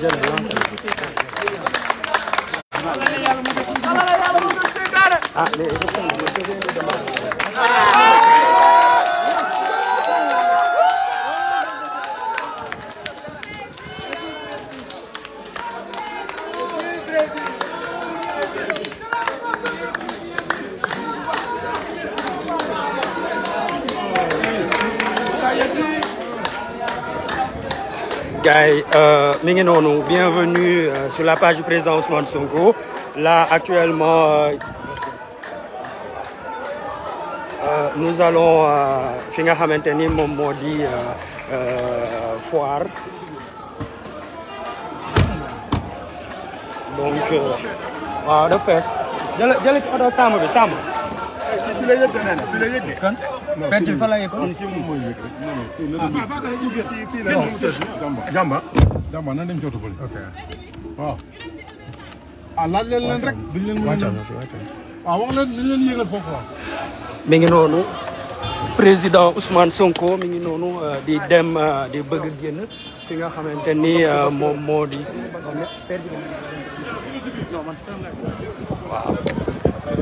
Ah, eu vou fazer, eu vou fazer. euh, bienvenue euh, sur la page du président Ousmane Sonko là actuellement euh, euh, nous allons Finir à maintenir Mon maudit foire donc waaw faire. Eh, Je Pertil fan la yëgoon. ah dem cootu bële. rek. duñ leen mën a waaw mi ngi noonu président Ousmane Sonko mi ngi noonu euh, di dem euh, di bëgg a génn fi nga xamante ni euh, moom moo di.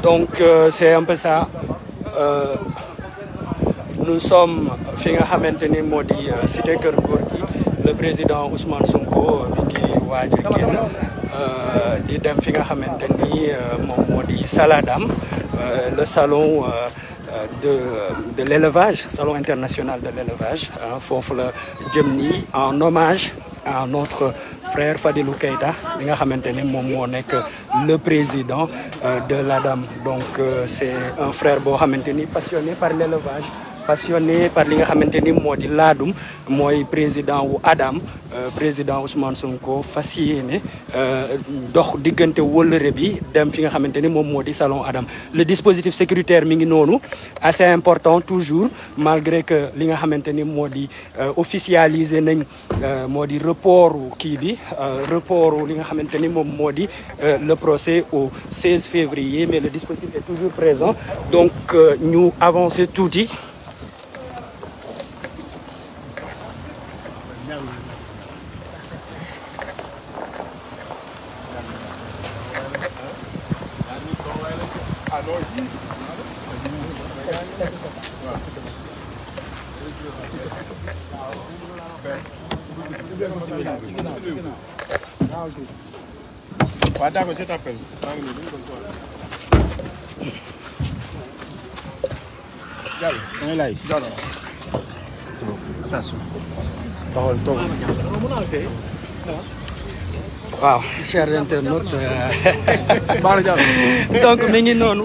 donc c'est un peu nous sommes fi nga maintenir Modi, moo di euh, cité Kër le président Ousmane Sonko euh, mi ngi waaj a génn euh, di dem fi nga xamante Saladam le salon de de l'élevage salon international de l'élevage hein. Fofle la jëm en hommage à notre frère Fadilou Keïta bi nga maintenir ni moom moo le président de l'ADAM donc c'est un frère boo xamante passionné par l'élevage passionné par li nga xamante ni l'adum, di laadum président ou Adam euh, président Ousmane Sonko fasciné, donc euh, dox diggante de bi dem fi nga xamanteni mom salon Adam le dispositif sécuritaire mi assez important toujours malgré que li nga xamanteni ni euh, officialiser nañ report kii bi report li nga xamanteni mom moom le procès au 16 février mais le dispositif est toujours présent donc tout avancer dit gars yi. non non. attention. taxawal toog. waaw. cher internaute. donc mi ngi noonu.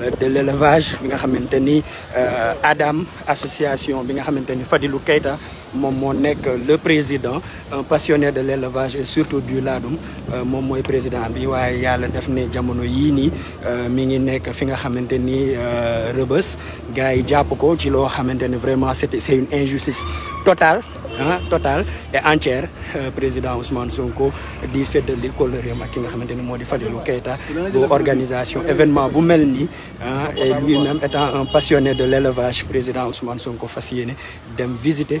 Euh, de l'élevage bi nga xamante ni euh, Adam association bi nga xamante ni Fadilou Keita mom mo nek le président un passionné de l'élevage et surtout du ladum euh, mom moy président bi waye yalla def ne jamono yii nii mi ngi nek fi nga xamante ni rëbës gars japp ko ci lo xamante ni vraiment c'est c'est une injustice totale Total et entière euh, président Ousmane Sonko du fait de l'école de nga xamante ni de événement bu hein, et lui-même étant un passionné de l'élevage président Ousmane Sonko fas de visiter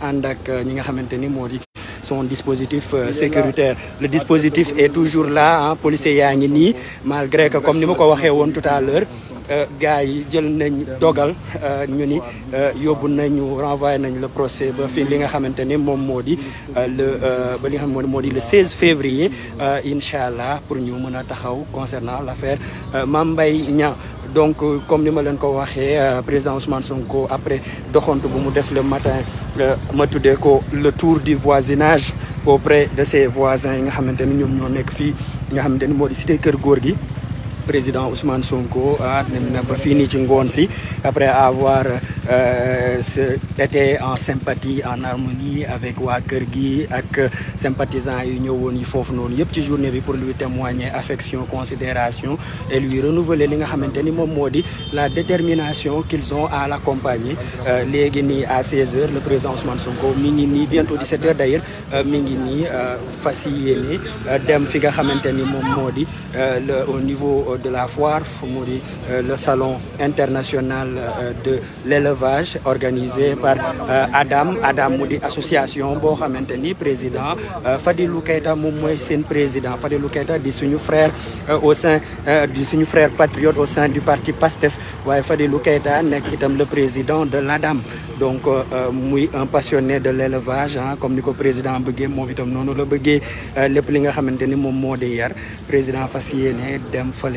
Andak ak euh, ñi nga son dispositif euh, sécuritaire le dispositif est toujours là hein, policier yaangi ni malgré que comme ni ma ko waxee tout à l'heure euh, gaay yi jël nañ dogal ñu ni yóbbu nañu renvoyer nañ le procès ba fi li nga xamanteni mom modi moo di le ba li xam le 16 février euh, inshallah pour ñu mëna taxaw concernant l'affaire Mame Mbaye donc euh, comme ni ma len ko euh, président Ousmane Sonko après le matin le tour du voisinage auprès de ses voisins nga xamante ñoo président Ousmane Sonko ah, ba fini ci après avoir euh, été en sympathie en harmonie avec Wakergi, avec sympathisants yu Union yi Il noonu yëpp ci pour lui témoigner affection considération et lui renouveler li la détermination qu'ils ont à l'accompagner euh, léegi nii à 16 h le président Ousmane Sonko mi ngi bientôt 17 h d'ailleurs euh, mi ngi nii fas yéene dem fi nga au niveau de la foire euh, le salon international euh, de l'élevage organisé par euh, ADAM ADAM Moudi association boo xamante président Fadilou Keita moom mooy président Fadilou Keita di suñu frère au sein du suñu frère patriote au sein du parti PASTEF ouais Fadilou Keita nekk le président de l'ADAM donc Mouy un passionné de l'élevage hein, comme le président bëggee moom itam noonu la bëggee le li nga président fas dem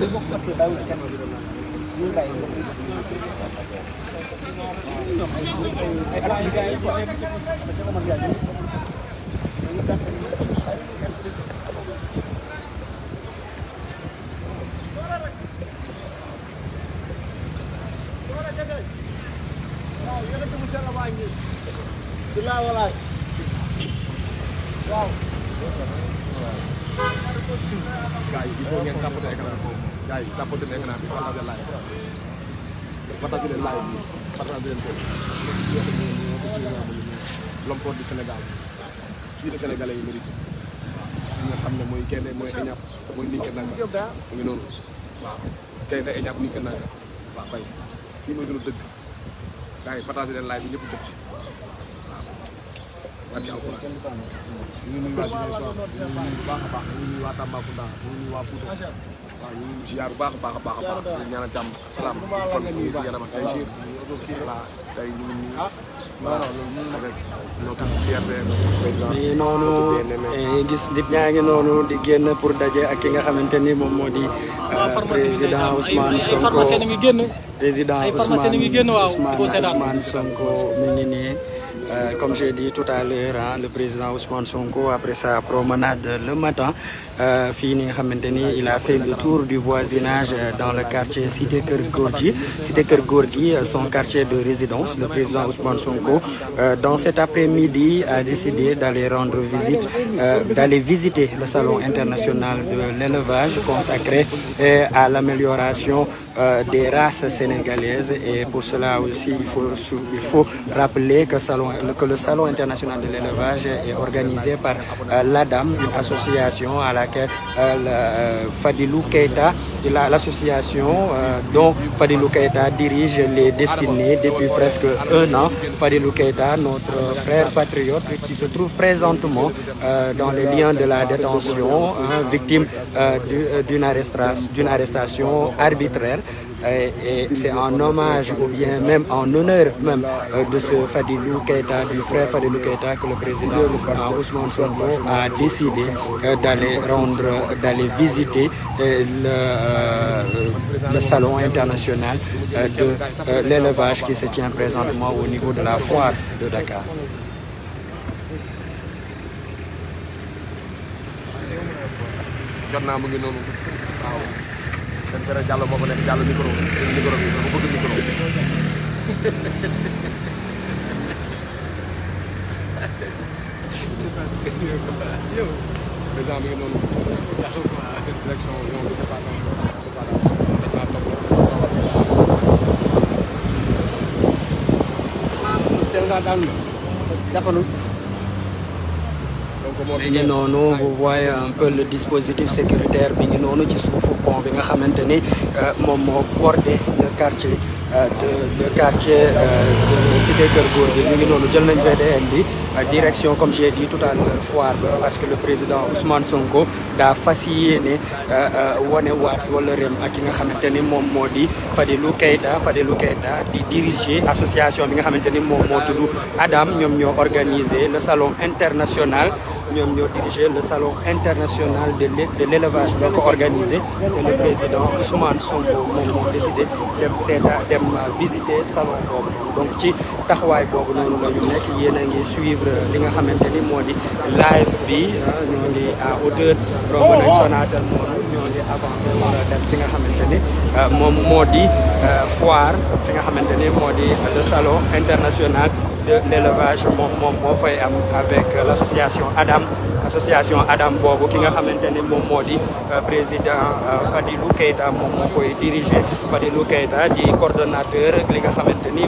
waaw yëkkati mu sell baa ngi. tapoter de bi partager live partager leen live bi kii la Sénégalais yi mérite nga xam ne mooy kenn mooy éñapp mooy nit ki nanga mu ngi noonu waaw kenn day éñapp nit ki nanga waaw kay kii mooy dund dëgg gars yi partager leen bi ñëpp jot ci waaw ñu ngi baax baax ñu ngi waa Tambacounda ñu ngi nuyu waa Fouta ziar bu baax di ñaanal jàmm salaam fan yaram ak ñu gis nit di pour ak ki nga président Ousmane Sonko président Ousmane Ousmane Sonko mi ngi dit tout à l'heure le président Ousmane Sonko après sa promenade le matin Euh, Fini il a fait le tour du voisinage euh, dans le quartier Cité Ker Gorgi, Cité Gorgi, euh, son quartier de résidence le président Ousmane Sonko dans cet après-midi a décidé d'aller rendre visite d'aller visiter le salon international de l'élevage consacré à l'amélioration des races sénégalaises et pour cela aussi il faut il faut rappeler que salon que le salon international de l'élevage est organisé par l'ADAM une association à la euh, euh, Fadilou Keita l'association euh, dont Fadilou Keïta dirige les destinées depuis presque un an. Fadilou Keita, notre frère patriote qui se trouve présentement dans les liens de la détention, hein, victime d'une arrestation arbitraire. Et c'est en hommage ou bien même en honneur même euh, de ce Fadilou Keita, du frère Fadilou Keita que le président euh, Ousmane Sonko a décidé euh, d'aller rendre, d'aller visiter le, salon international de l'élevage qui se tient présentement au niveau de la foire de Dakar. seen frère Diallo mau fa nekk Diallo mikro, mikro, bi dafa mikro. micro yow président mi ngi noonu yàqu non pas mi ngi noonu vous voyez un peu le dispositif sécuritaire bi ngi noonu ci suufu pont bi nga xamante ni euh, moom moo bordé le quartier euh, de le quartier euh, de cité Keur Gorgui mi ngi noonu jël nañ VDN bi direction comme j'ai dit tout à l'heure foire ba parce que le président Ousmane Sonko daa fas yéene wane waat wala rem ak ki nga xamante ni moom moo di Fadilou Keita Fadilou Keita di diriger association bi nga xamante ni moom moo tudd Adam ñoom ñoo organiser le salon international ñoom ñoo dirigé le salon international de l'élevage donc organisé et le président Ousmane Sonko moom décidé dem seeta dem visiter salon donc ci taxway bobu noonu la ñu nekk yéen ngi suivre li nga xamanteni modi live bi ah, ñoo ngi à hauteur romb nañ Sonatel noonu ñoo ngi avancer wala dem fi nga xamanteni ni ah, modi ah, foire fi nga xamanteni modi le salon international de l'élevage moom moom moo avec euh, l'association Adam association Adam boobu ki nga xamante ni moom euh, président euh, Fadilou Keita moom moo koy diriger Fadilou Keita di coordonnateur li nga xamante ni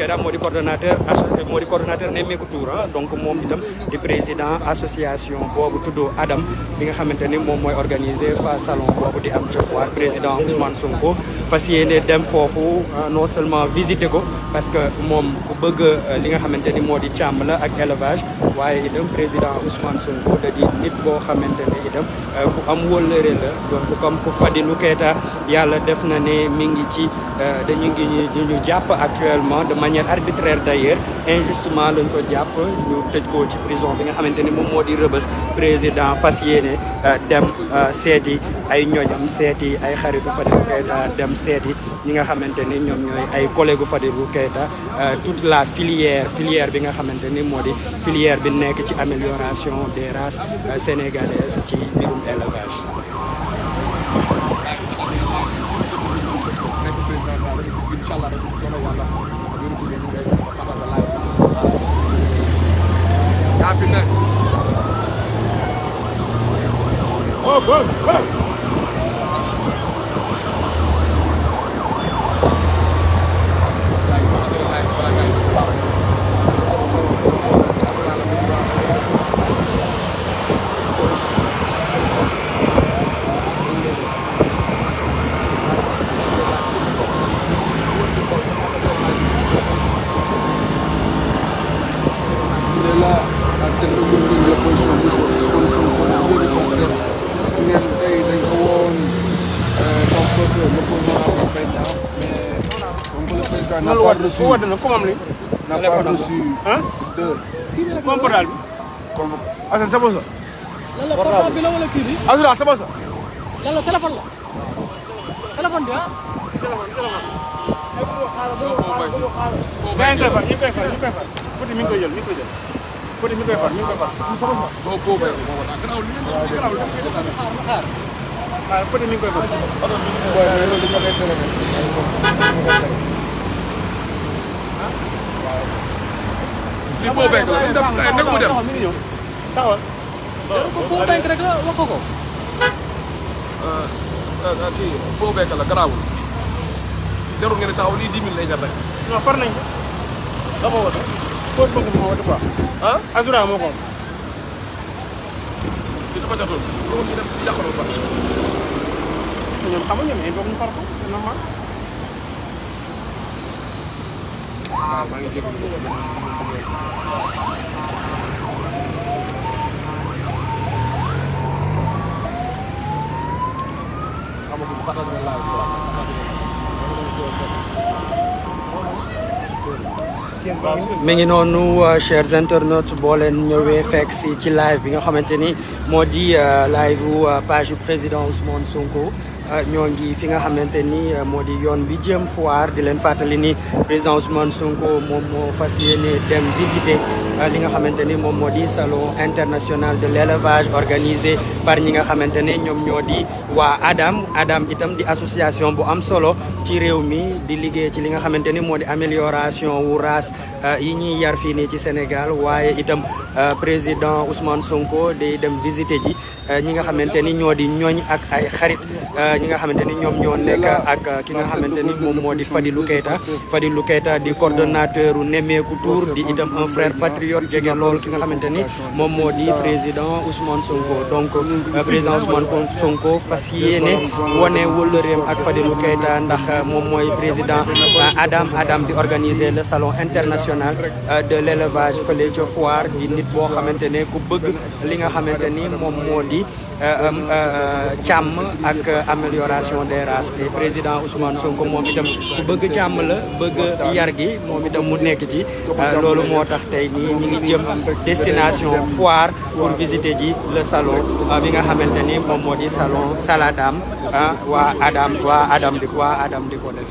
Kera moo di coordonnateur eh, moo di coordonnateur Nemmeeku Tuura donc moom itam di président association boobu tuddoo Adam bi nga xamante ni moom organiser fa salon boobu di am ca fois président Ousmane Sonko fas yéene dem foofu euh, non seulement visiter ko parce que moom ku bëgg euh, li nga xamante ni moo di càmm la ak élevage waaye itam président Ousmane Sonko da di nit boo xamante ne itam euh, ku am wóllëre la donc comme ku Fadilou Keita yàlla def na ne mi ngi ci euh, dañu ngi ñu jàpp actuellement de manière arbitraire d'ailleurs injustement lañ ko jàpp ñu tëj ko ci prison bi nga xamante ne moom moo di rëbës président fas yéene euh, dem seeti ay ñoñam seeti ay xaritu Fadilou Keita dem seeti ñi nga xamante ni ñoom ñooy ay collègue Fadilou Keita toute la filière filière bi nga xamante ni moo di fi nekk ci amélioration des races euh, sénégalaises ci mbirum élevage. Oh, pas reçu. woote na ku moom li n'a pas reçu. deux. moom portable bi. kon Assane sama sa. lan la portable bi la wala kii bi. Assane sama sa. lan la téléphone la. téléphone bi ah. téléphone téléphone. téléphone ñu koy far ñu koy far. Fouti mi ngi koy jël mi ngi koy jël. Fouti mi ngi koy far mi ngi koy far. boo boo bay boo bay gannaaw li ngeen gannaaw li ngeen xaar xaar. waaw Fouti mi ngi koy far. bank la dañ dem naka mu tahu? taxawal jarul bank rek la wax ko ko kii boo bank la garaawul jarul ngeen taxaw lii 10 000 lay jar ah asura mo ko kau. dafa jatul ko ñu dem yaqalu ba ñoom xamuñu ne ñu nous nous euh, chers internautes boo leen live bi nga euh, live ou euh, page du président Ousmane Sonko. ñongi eh, fi nga xamanteni eh, modi yoon bi jëm foire di len fatali ni président Ousmane Sonko mom mo fasiyene dem visiter eh, li nga xamanteni mom modi salon international de l'élevage organisé par ñi nga xamanteni ñom ñodi wa Adam Adam itam di association bu am solo ci réew mi di liggé ci li nga xamanteni modi di amélioration wu race yi ñi yar fi ni ci Sénégal waye itam président Ousmane Sonko day dem visiter ji ñi nga xamante ni ñoo di ñooñ ak ay xarit euh, ñi nga xamante ni ñoom ñoo nekk ak ki nga xamante ni moom moo di Fadilou Keita Fadilou Keita di coordonnateur u Nemmeeku Tour di itam un frère patriote jege lool ki nga xamante ni moom moo di président Ousmane Sonko donc euh, président Ousmane Sonko fas yéene wane wëllëreem ak Fadilou Keita ndax euh, moom mooy président Adam Adam di organiser le salon international de l'élevage fële ca foire di nit boo xamante ne ku bëgg li nga xamante ni moom ni càmm ak amélioration des races et président Ousmane Sonko moom itam ku bëgg càmm la bëgg yar gi moom itam mu nekk ci euh, loolu moo tax tey nii ñu ngi jëm destination foire pour visiter ji le salon euh, bi nga xamante ni moom moo di salon Saladam waa Adam waa Adam di ko def.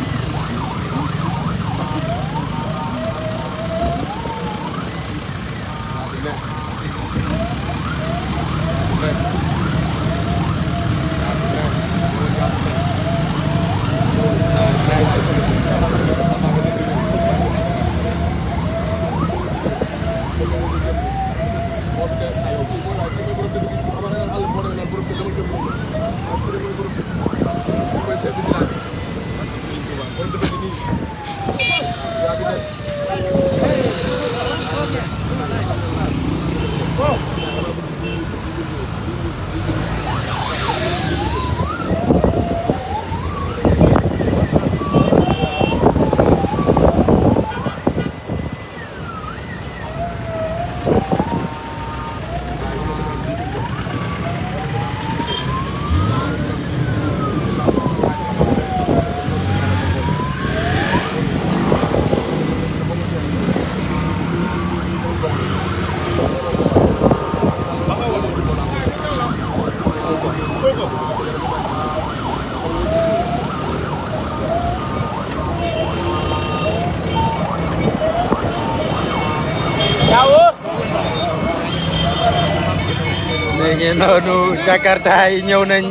nonu Jakarta ay ñew nañ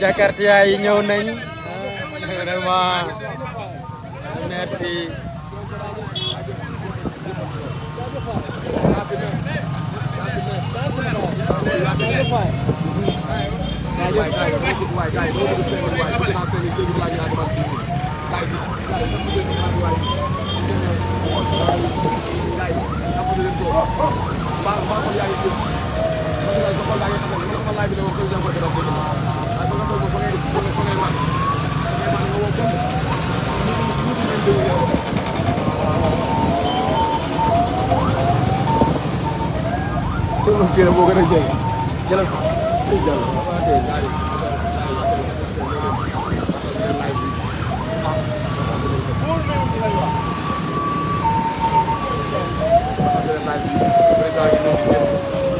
Jakarta ay ñew nañ vraiment merci fii la boo gën a jël jëlal ko jëlal ko président yi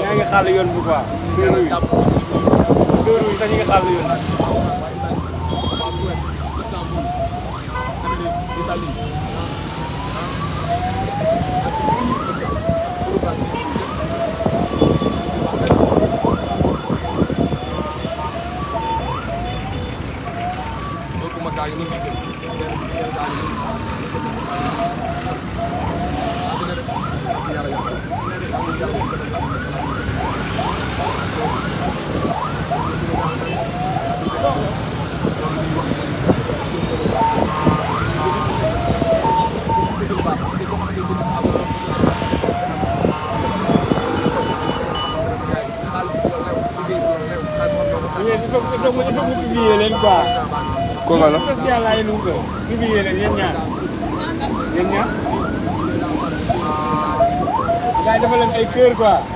yaa ngi xaar yoon bu baax. dóor yi sax ñu ngi xaar yoon. kooka la. spécial ay Louga. ñu ngi yéene yéen ñaar yéen ñaar. gars yi dafa leen ay kër quoi.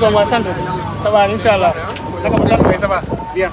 doom waa sant ça va incha allah naka ma sant kay ça va bien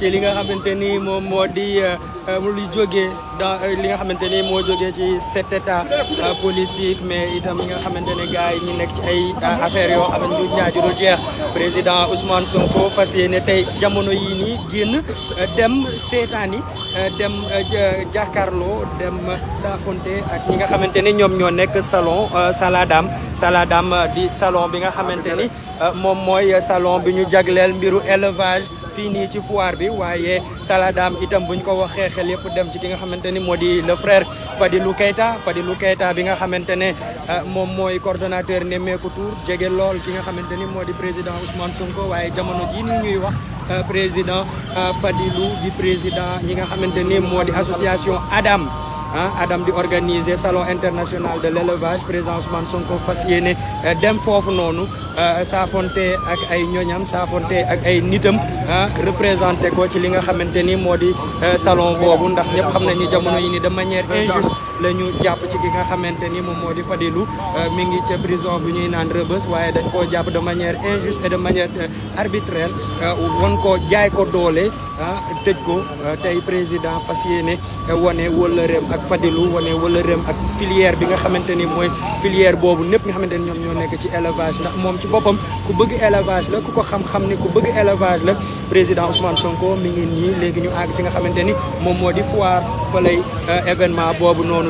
ci li nga xamante ni moom moo di euh, euh, lu jóge dans euh, li nga xamante ni moo jógee ci cet état politique mais itam li nga xamante ne gars yi ñu nekk ci ay affaires yoo xam ne ñu ñaaju dul jeex président Ousmane Sonko fas tey jamono yii nii génn dem seetaan yi Euh, dem euh, jàkkaarloo dem saafonte ak ñi nga xamante ni ñoom ñoo nekk salon Saladam euh, Saladam di salon bi nga xamante ni moom mooy salon bi ñu jagleel mbiru élevage fii nii ci foire bi waaye Saladam itam buñ ko waxee xel yëpp dem ci ki nga xamante ni moo di le frère fa Keita Fadilou Keita bi nga xamante ne moom mooy coordonnateur Nemmeeku Tour jege lool ki nga xamante ni moo di président Ousmane Sonko waaye jamono jii nii ñuy wax Euh, président euh, Fadilou di président ñi nga xamanteni ni association Adam Adam di organiser salon international de l'élevage président man Sonko fas yéene euh, dem nonu sa fonté ak ay ñoñam fonté ak ay nitam ah représenté ko ci li nga xamanteni modi salon bobu ndax ñep xamna nañu jamono yi ni de manière injuste la ñu jàpp ci ki nga xamante ni moom moo di Fadilou euh, mi ngi ca prison bu ñuy naan rëbës waaye dañ koo jàpp de manière injuste et de manière euh, arbitraire euh, won ko jaay ko doole ah, tëj ko tey président fas yéene wane wëllëreem ak Fadilou wane wëllëreem ak filière bi nga xamante ni mooy filière boobu ñëpp nga xamante ni ñoom ñoo nekk ci élevage ndax moom ci boppam ku bëgg élevage la ku ko xam-xam ni ku bëgg élevage la président Ousmane Sonko mi ngi nii léegi ñu àgg fi nga xamante ni moom moo di foire fa lay boobu noonu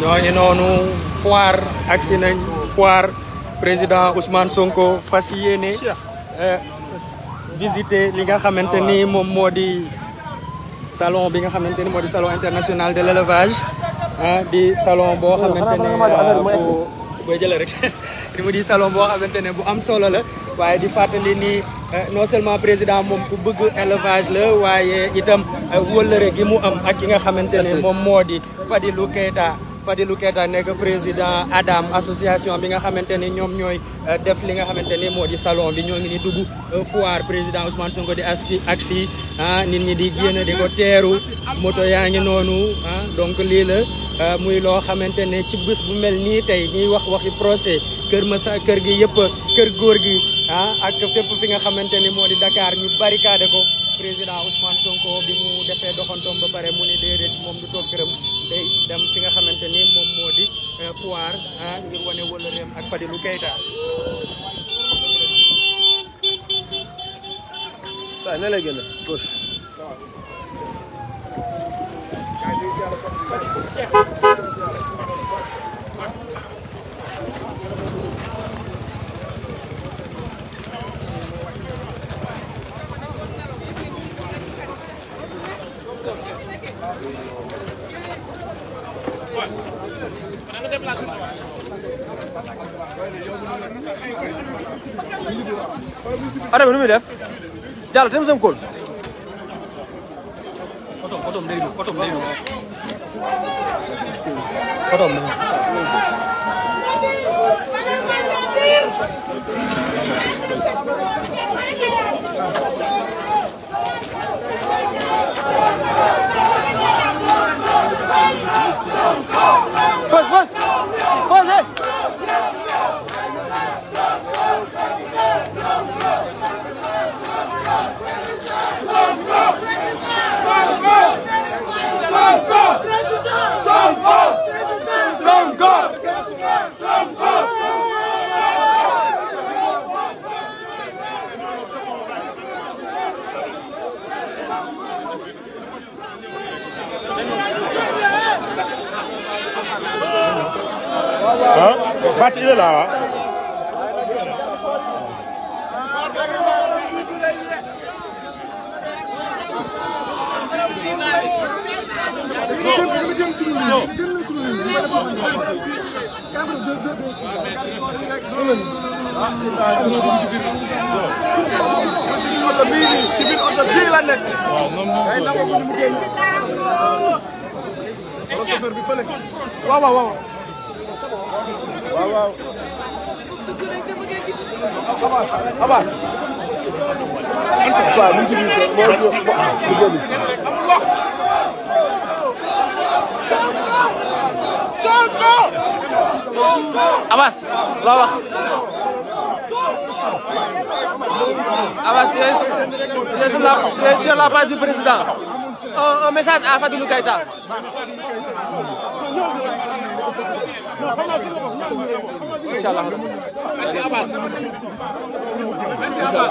ñoo ngi noonu foire agsi nañ foire président Ousmane Sonko fas yéene euh, visiter li nga xamante ni moom moo di salon bi xamante ni moo di salon international de l'élevage di salon boo xamante euh, bu jëlee rek di salon boo xamante ne bu am solo la waaye di fàttali ni euh, non seulement président moom ku bëgg élevage la waaye itam wëllëre gi mu am ak ki nga xamante ne moom moo di Fadilou Keita Fadilou Keita nek président Adam association bi nga xamanteni ñom ñoy eh, def li nga xamanteni modi di salon bi ñoo ngi ni dugg eh, foire président Ousmane Sonko di aski aksi ah nit ñi di génn di ko teeru moto yaangi nonu noonu ah, donc li la eh, muy lo xamanteni ci bëss bu mel ni tay ñi wax waxi procès kër sa kër gi yëpp kër goor gi ah, ak fepp fi nga xamanteni modi Dakar ñu barricade ko président Ousmane Sonko bi mu defee doxantom ba paré mu ni déedéet mom du tok te dem fi nga xamante ni moom moo di euh, foire ah ngir wane wëllëreem ak Fadilou Keita. saa ne lay génne gauche. ada bi nu muy def jàll dem sam kóol kotom kotom day dugg kotom day dugg kotom day Go, go, go! ah Bathie il est là ah. waaw waaw waaw. waaw waaw. Abass. waaw mu ngi ci biir boo boo boo Abass la page du président un message à incha allah. merci Abbas. merci Abbas.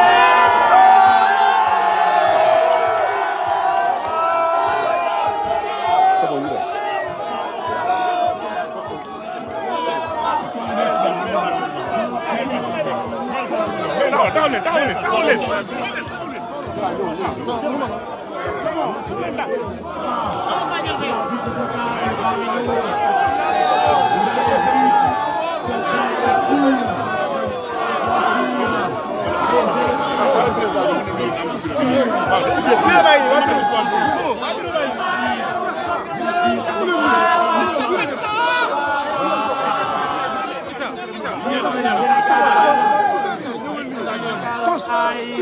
it, hold it, hold it, hold it. Come on. à la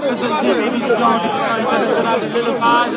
14e édition du Tournoi international de l'élevage.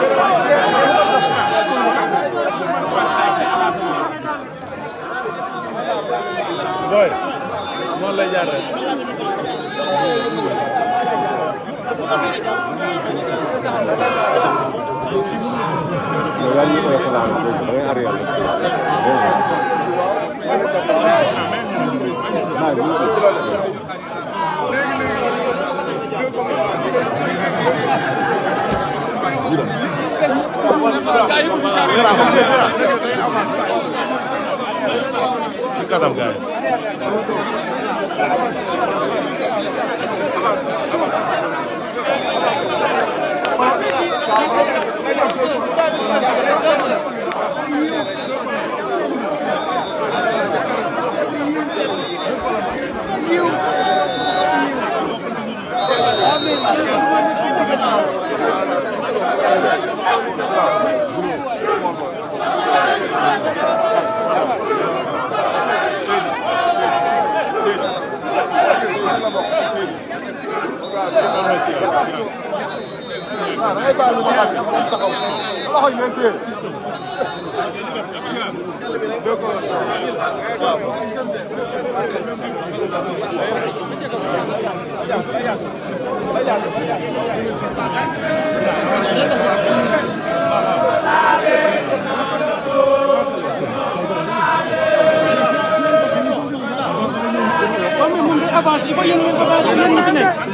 Bravo! कदम गए bàyyi lu taxaw loxo yi ngeen téye. waaw mais mun nga avancer il faut yéen ngeen avancer yéen ñi fi nekk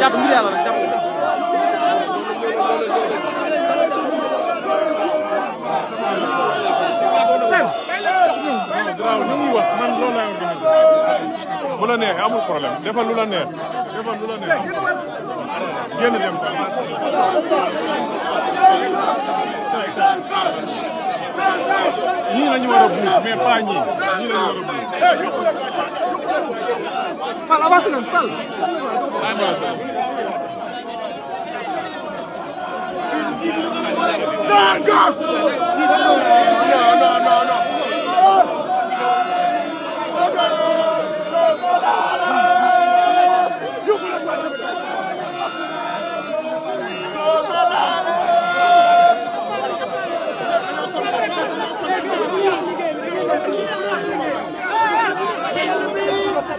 jàpp ngir yàlla rek jàpp waaw ñu ngi wax man loolu laa ngi gën bu la neexee amul problème defal lu la neex defal lu la neex génn dem ñii la ñu war a buur mais pas ñii ñii la ñu war a buur Fal, avanse nan, fal. Nan, go! Nan, nan, nan, nan. Yeah.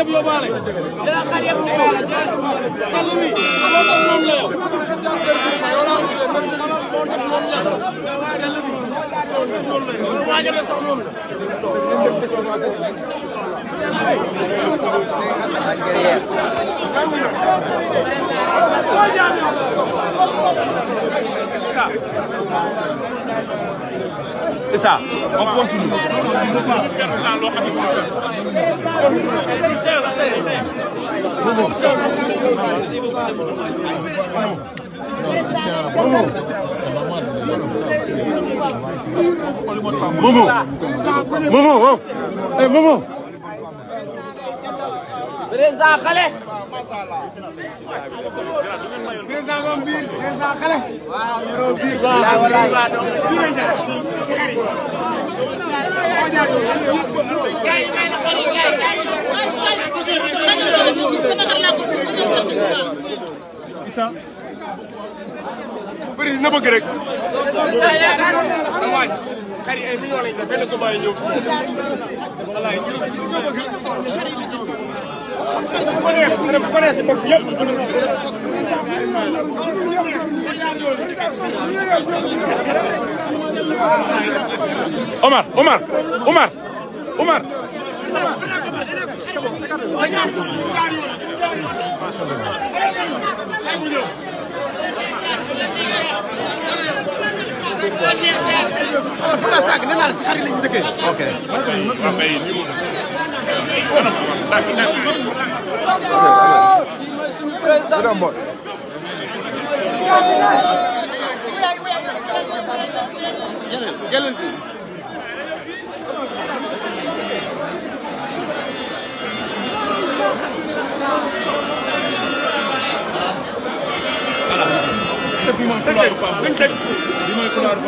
yëpp yóbbaale. jëlaat xar yëpp yóbbaale jëlaat xar yëpp yóbbaale. xar yëpp yóbbaale. C'est ça. On continue. Momo. Momo. Eh, Momo. Président xale macha allah. président moom biir président xale. waaw yoroo biir waaw walaay. isa. président na bëgg rek. xarit ay millions lañ def benn combat yi ñëw. walaay ci lu bëgg. bu ko neex bu ko neex si bopp yëpp. Omar Omar Omar Omar. pour la sànq nee naa la si xarit la ñu dëkkee. ok waaw kay lii moom kii mooy suñu président. jërëjëf jërëjëf.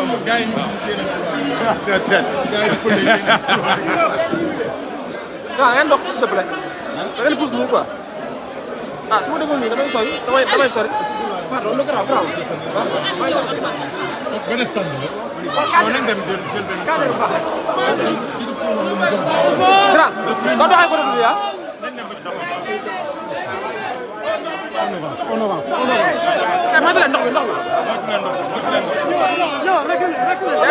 waaw da ngeen dox s'il te plaît. da ngeen pousse mu quoi. ah su ma déggoon nii damay sori damay damay sori. pardon lu garaaw garaaw. benn stand la. waaw nañ dem jël jël benn. garaaw. doo doxee côté bi yaa. on avance on avance. moytu leen ndox mi ndox mi. moytu leen ndox mi moytu leen ndox mi. yow reculer reculer.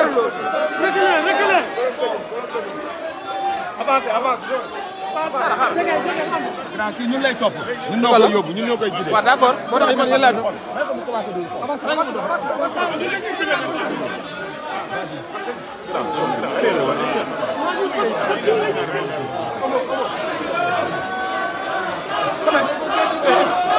reculer reculer. avancé avancé. grand kii ñun lay topp. ñun ñoo koy yóbbu ñun ñoo koy jiite. waaw d'accord moo tax ñu laaj. avancé avancé avancé.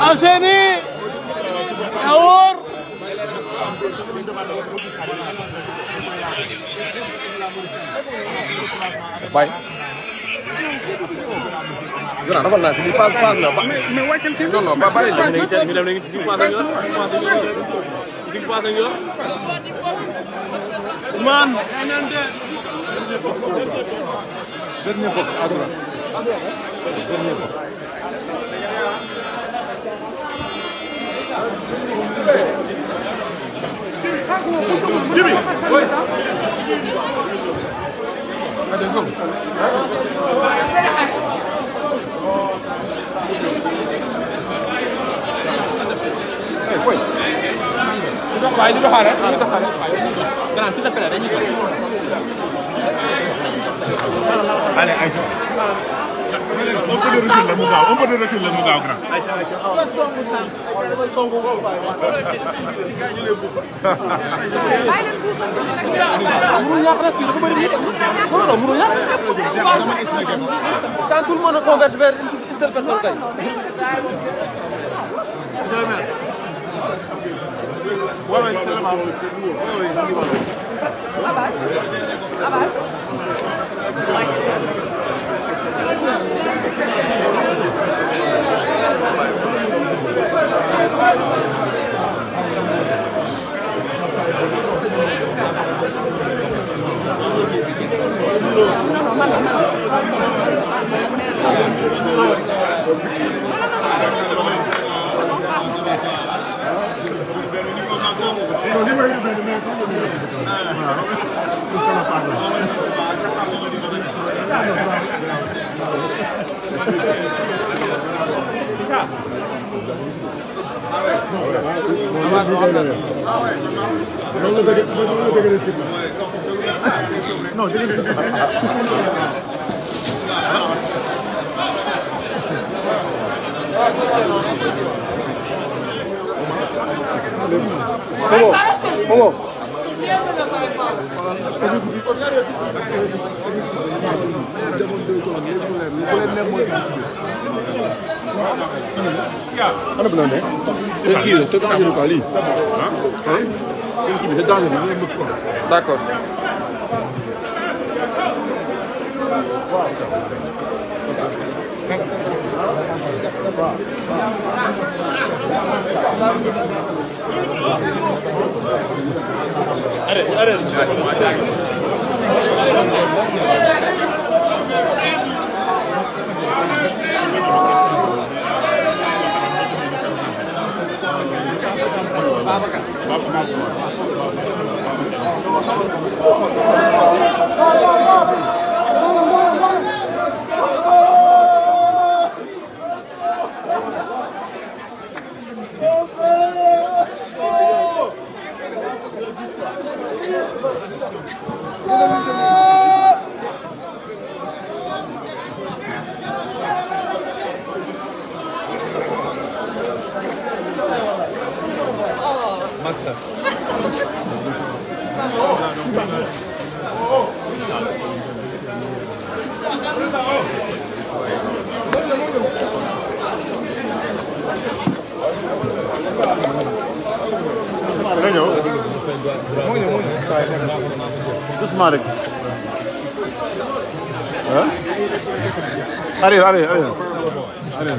Enchaîné Aour Bay Jora rafal naa ni pass pass la mais wàccal kii non non ba bari dañ ngi ñu dem ngi ci pass ñu ngi pass ñu man Dernier box, à droite. Dernier box. Jimmy, oui. Allez, go. Hey, wait. Ini dah hari, ini dah hari. Kenapa kita pernah ada ni? allez ayca un peu de recul la mu gaaw un peu de recul la mu gaaw grand mënul yàq rek fii dafa bëri nit non non mënul yàq quand tout le monde converge vers une seule personne kay monsieur le maire oui oui Abbas Abbas Não, nem vai ver, nem vai ver. Não, não. Não, não. No, no te quedes, no, no te quedes. No, tienes que... ¿Cómo? ¿Cómo? olha, bi ko ñu ko leer ko leen ne mooy ya hein c'est qui c'est dangereux ñu leen bëgg ko d'accord olha. Olha Baba, Baba, Baba, Baba, doucement rek arrière arrière arrière arrière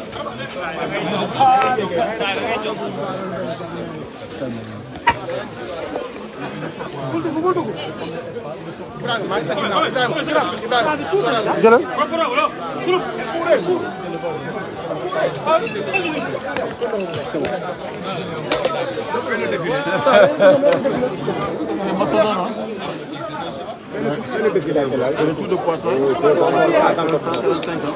Tout de poitrine, 35 ans.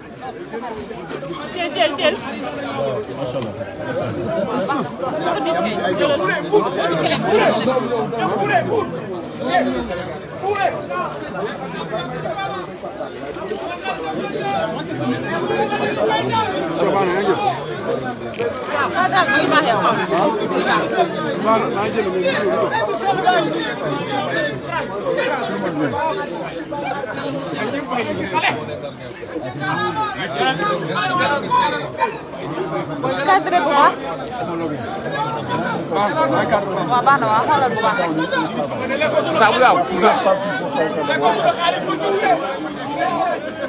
Gel gel gel. Maşallah. İslam. Buraya vur. Buraya vur. Buraya vur. Buraya vur. Şaban hangi? Kadar duyma ya. Var hangi mi? Kadre bu ha? Baba no, hala bu ha. Sağ ol. Sağ ol.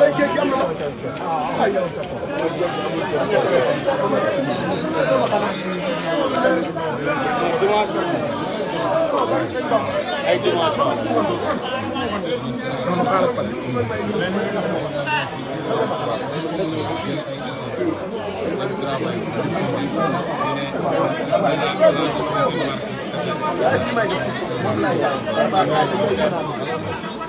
lay géej gi am na ay dimanche dama xaaral pare Thank you.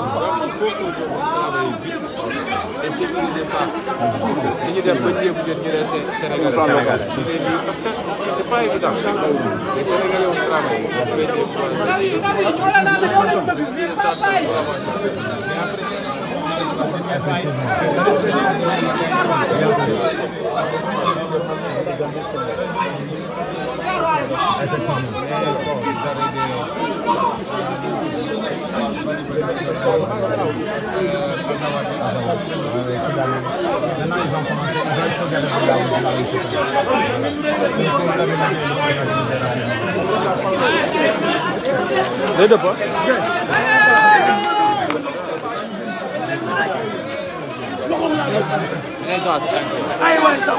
donc il faut que boobu travail bi et sécuriser ça. li ñu def ba jéem a jot ñu ne Sénégalais. parce que c' est pas évident. les Sénégalais au travail. mais après. Ne de bu? Eyvah sen. Eyvah sen.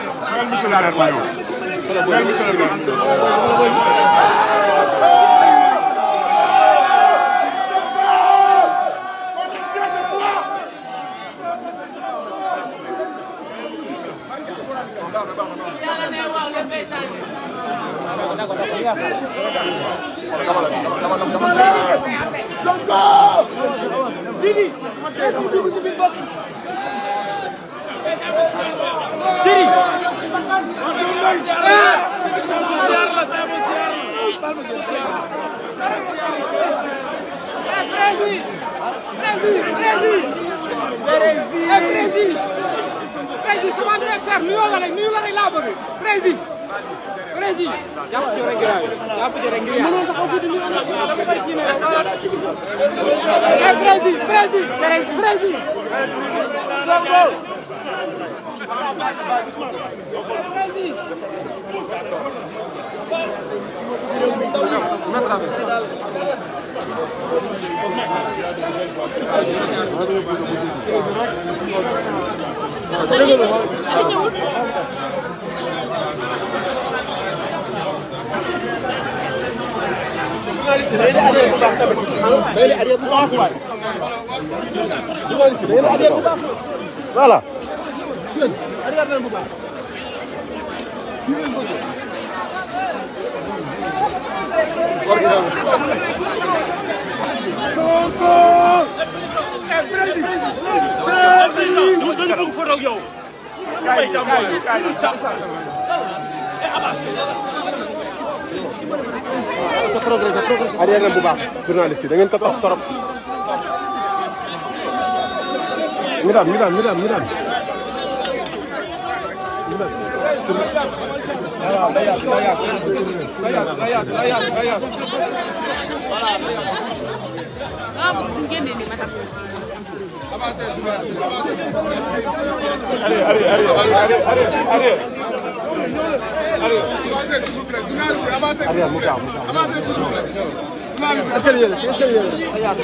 Même monsieur Laden Mayo. Même monsieur le Brasil! São Paulo! voilà. arrière leen bu baax journaliste yi da ngeen ko toog torop. ñu daan ñu daan ñu daan ñu daan Allez, allez, allez, allez, allez, allez. Allez, avancez s'il vous plaît. Avancez s'il vous plaît. Avancez s'il vous plaît. Escalier, escalier. Regarde,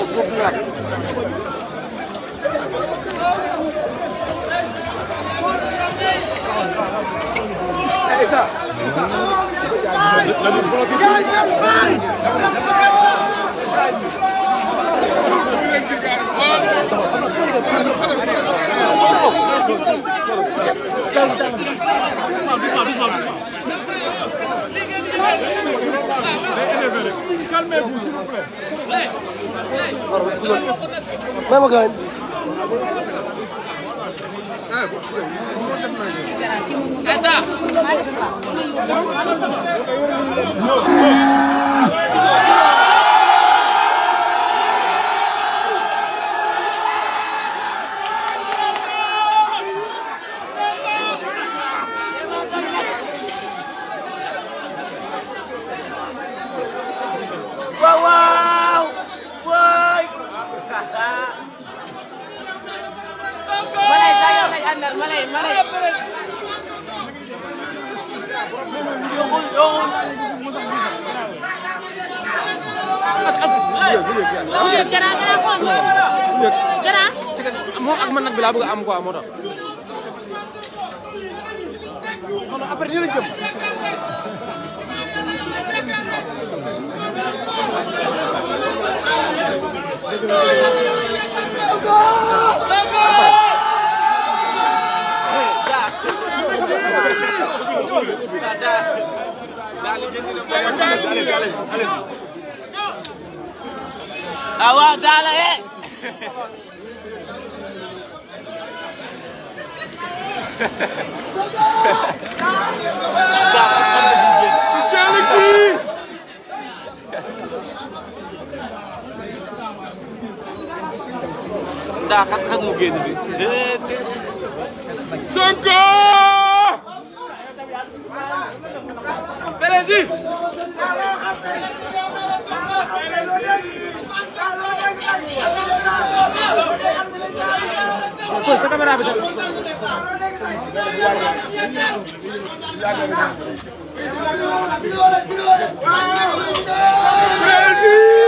Calmez-vous, s'il vous plaît. Même Ada. laa bëgg am quoi moo tax. non non après nii lañ jëm. Awaa ah, daala ye eh. Dah, kat kat mungkin sih. Sangka! Perezi! Você câmera rápida. Grazie.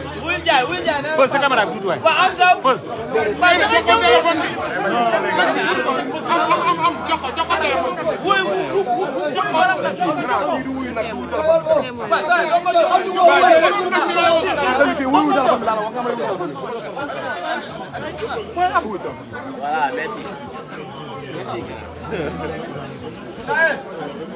wul jaay wul jaay nee sa caméra bi tuuti waay. waaw am taw. fës. waaye da ngay ñëw téléphone bi. am am am am jox ko jox ko téléphone. wuy wu wu wu jox ko. voilà merci. merci.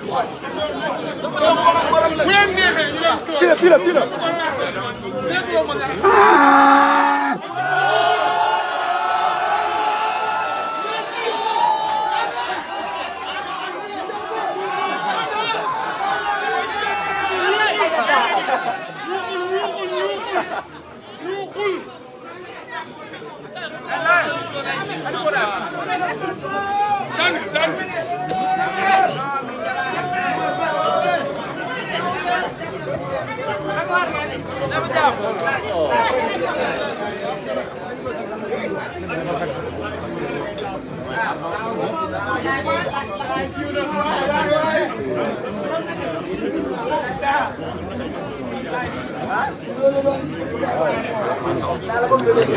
踢了！踢了！踢了！yow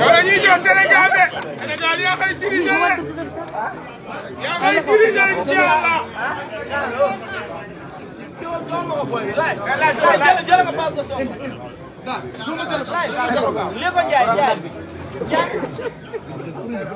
la ñuy jox Sénégal de Sénégal yaa koy dirigé de yaa koy dirigé incha allah. jërëjëf jërëjëf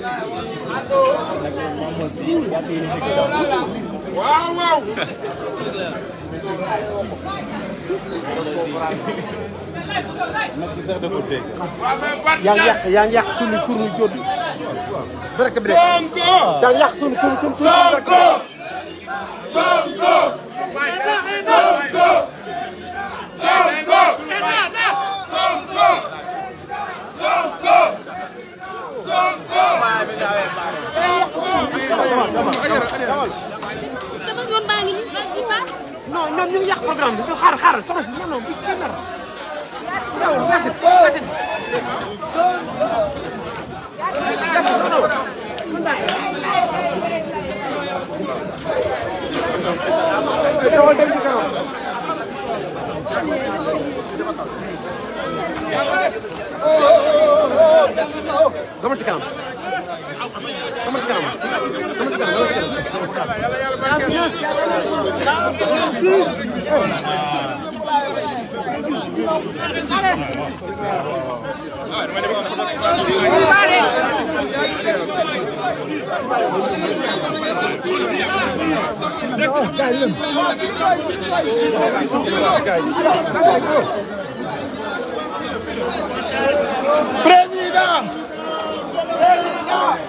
waaw waaw. nag bi sax da ko dégg. yaa ngi yàq yaa ngi yàq suñu suñu jot. Sonko. yaa ngi yàq suñu suñu suñu. Sonko. Sonko. ñoom ñu ngi yàq programme bi ñu xaar xaaral soxna si non non bi kii mer yow gasit gasit gasit non non mën naa ko dawal dem ci kanam dama ci kanam dama ci kanam Premida! Premida!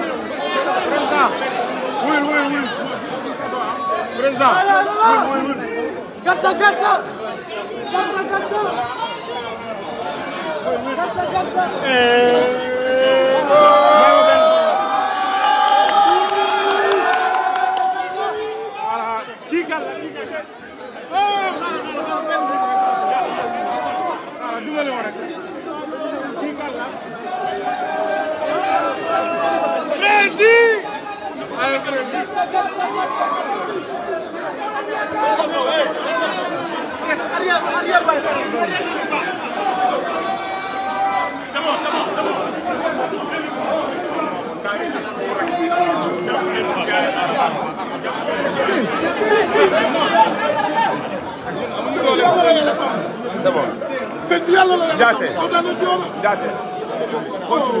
Oui, oui, oui. Président. Oui, oui, oui. Garde ta garde Garde ta garde Garde ta garde Brasil! C'est bon. C'est bien là. Jaase. Jaase. Continue.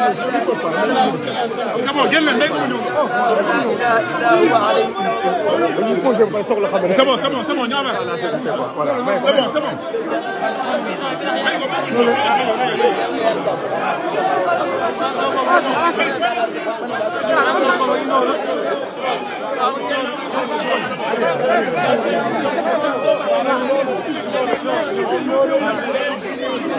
c'est bon jël leen ndey ko mu ñëw. c'est bon c'est bon c'est bon ñaar c'est bon c'est bon.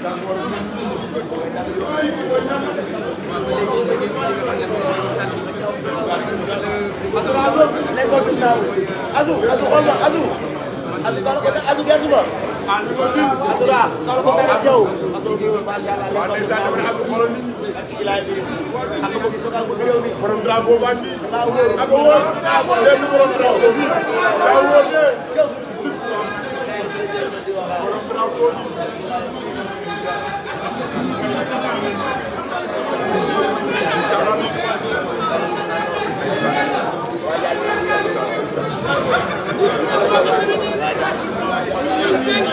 asu asu xool ma asu asu kaw la ko def asu gerte ma. ah li ko ji asu raa kaw la ko mel ak yow. asu bi macha allah waaw dèjà dama ne asu xoolal nit ñi. alhamdulilah bi ak bëgg soxal bëgg yow bi. borom drapeau baa ngi. ak wóor ak wóor. ak wóor. Gracias.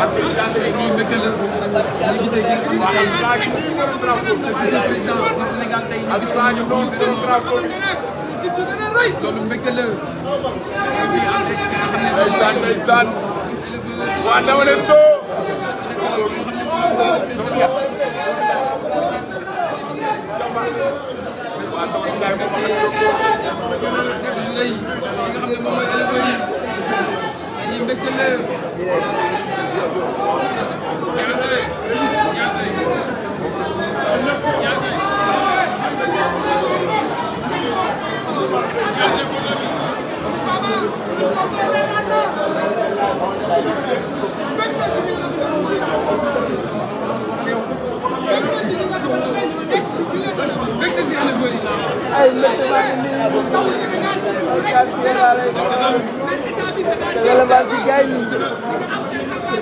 loolu mbégte la. ndeysaan ndeysaan. waa Ndawale Sow. waaw. Gracias. Mën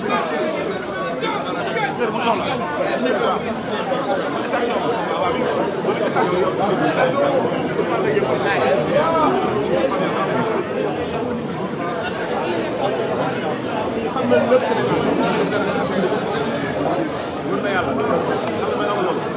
na yàlla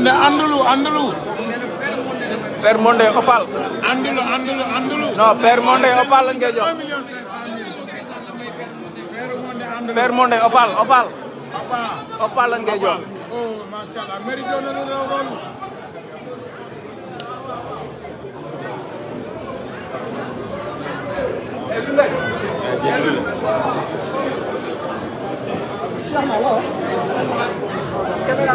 anda andulu andulu per monde opal andulu andulu andulu no per monde opal ngejo per monde opal opal opal ngejo oh masyaallah meridional lu ngol Ya, ya. Insyaallah. Kamera